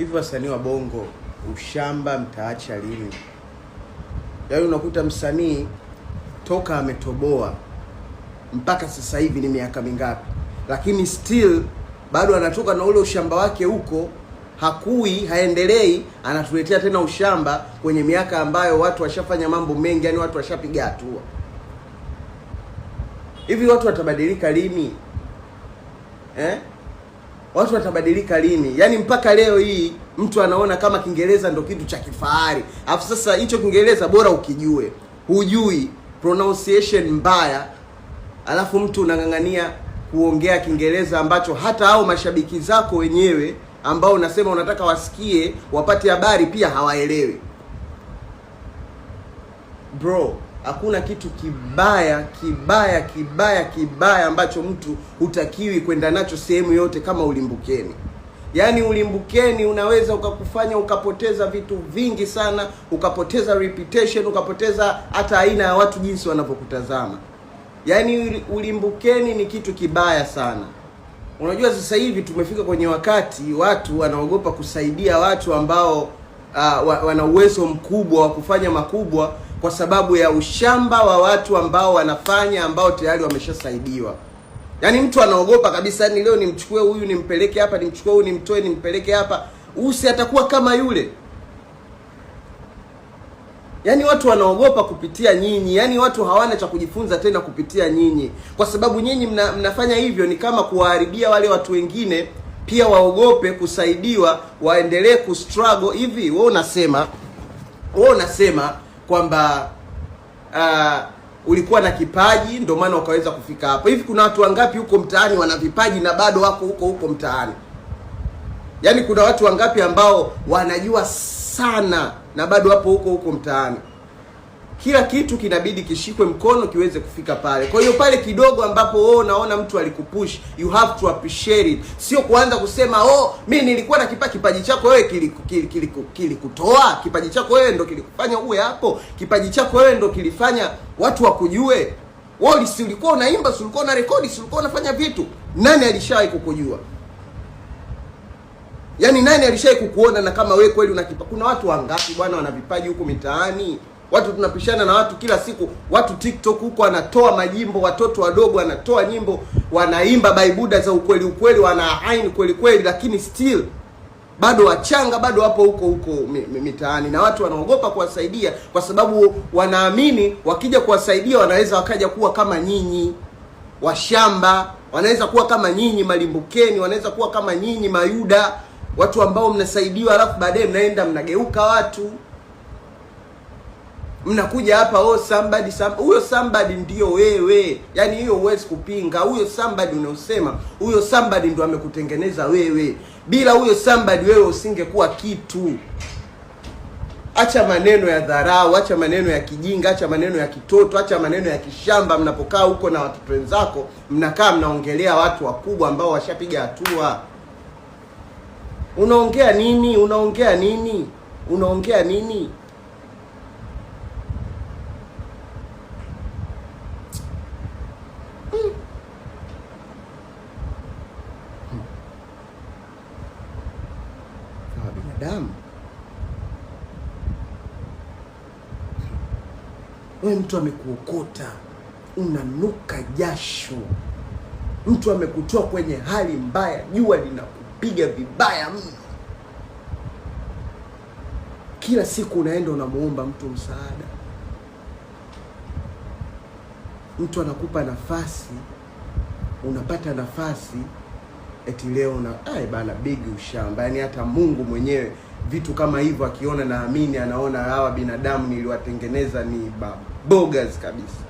hivi wasanii wa Bongo ushamba mtaacha lini? Yaani unakuta msanii toka ametoboa mpaka sasa hivi ni miaka mingapi, lakini still bado anatoka na ule ushamba wake huko, hakui haendelei, anatuletea tena ushamba kwenye miaka ambayo watu washafanya mambo mengi, yani watu washapiga hatua. Hivi watu watabadilika lini eh? watu watabadilika lini? Yaani mpaka leo hii mtu anaona kama Kiingereza ndo kitu cha kifahari, alafu sasa hicho Kiingereza bora ukijue, hujui pronunciation mbaya, alafu mtu unang'ang'ania kuongea Kiingereza ambacho hata hao mashabiki zako wenyewe ambao unasema unataka wasikie wapate habari pia hawaelewi bro. Hakuna kitu kibaya kibaya kibaya kibaya ambacho mtu hutakiwi kwenda nacho sehemu yote kama ulimbukeni. Yaani ulimbukeni unaweza ukakufanya ukapoteza vitu vingi sana, ukapoteza reputation, ukapoteza hata aina ya watu jinsi wanavyokutazama. Yaani ulimbukeni ni kitu kibaya sana. Unajua sasa hivi tumefika kwenye wakati watu wanaogopa kusaidia watu ambao uh, wana uwezo mkubwa wa kufanya makubwa kwa sababu ya ushamba wa watu ambao wanafanya ambao tayari wameshasaidiwa. Yaani mtu anaogopa kabisa, yani leo nimchukue huyu nimpeleke hapa, nimchukue huyu nimtoe nimpeleke hapa, usi atakuwa kama yule. Yaani watu wanaogopa kupitia nyinyi, yaani watu hawana cha kujifunza tena kupitia nyinyi, kwa sababu nyinyi mna, mnafanya hivyo ni kama kuwaharibia wale watu wengine pia waogope kusaidiwa, waendelee kustruggle hivi. Wewe unasema wewe unasema kwamba uh, ulikuwa na kipaji ndio maana ukaweza kufika hapo. Hivi kuna watu wangapi huko mtaani wana vipaji na bado wako huko huko mtaani? Yaani kuna watu wangapi ambao wanajua sana na bado wapo huko huko mtaani? kila kitu kinabidi kishikwe mkono kiweze kufika pale. Kwa hiyo pale kidogo ambapo wewe oh, unaona mtu alikupush, you have to appreciate it, sio kuanza kusema oh, mi nilikuwa na kipa kipaji chako wewe kilikutoa kili, kili, kili, kipaji chako wewe ndo kilikufanya uwe hapo, kipaji chako wewe ndo kilifanya watu wakujue. Wewe si ulikuwa unaimba, si ulikuwa unarekodi, si ulikuwa unafanya vitu. Nani alishawahi kukujua? Yaani nani alishawahi kukuona na kama wewe kweli una kipa? Kuna watu wangapi bwana wana vipaji huko mitaani? watu tunapishana na watu kila siku. Watu TikTok huko wanatoa majimbo, watoto wadogo wanatoa nyimbo, wanaimba baibuda za ukweli ukweli, wanaaini kweli kweli, lakini still bado wachanga, bado wapo huko huko mitaani, na watu wanaogopa kuwasaidia kwa sababu wanaamini wakija kuwasaidia wanaweza wakaja kuwa kama nyinyi washamba, wanaweza kuwa kama nyinyi malimbukeni, wanaweza kuwa kama nyinyi mayuda, watu ambao mnasaidiwa alafu baadaye mnaenda mnageuka watu mnakuja hapa oh, somebody huyo somebody ndio wewe. Yani hiyo huwezi kupinga. Huyo somebody unaosema huyo somebody ndio amekutengeneza wewe. Bila huyo somebody wewe usingekuwa kitu. Acha maneno ya dharau, acha maneno ya kijinga, acha maneno ya kitoto, acha maneno ya kishamba. Mnapokaa huko na watoto wenzako, mnakaa mnaongelea watu wakubwa ambao washapiga hatua. Unaongea nini? Unaongea nini? Unaongea nini? damu. We mtu amekuokota, unanuka jasho, mtu amekutoa kwenye hali mbaya, jua linakupiga vibaya mno, kila siku unaenda unamuomba mtu msaada, mtu anakupa nafasi, unapata nafasi eti leo na ai bana big ushamba. Yani hata Mungu mwenyewe vitu kama hivyo akiona, naamini anaona hawa binadamu niliwatengeneza ni bogas kabisa.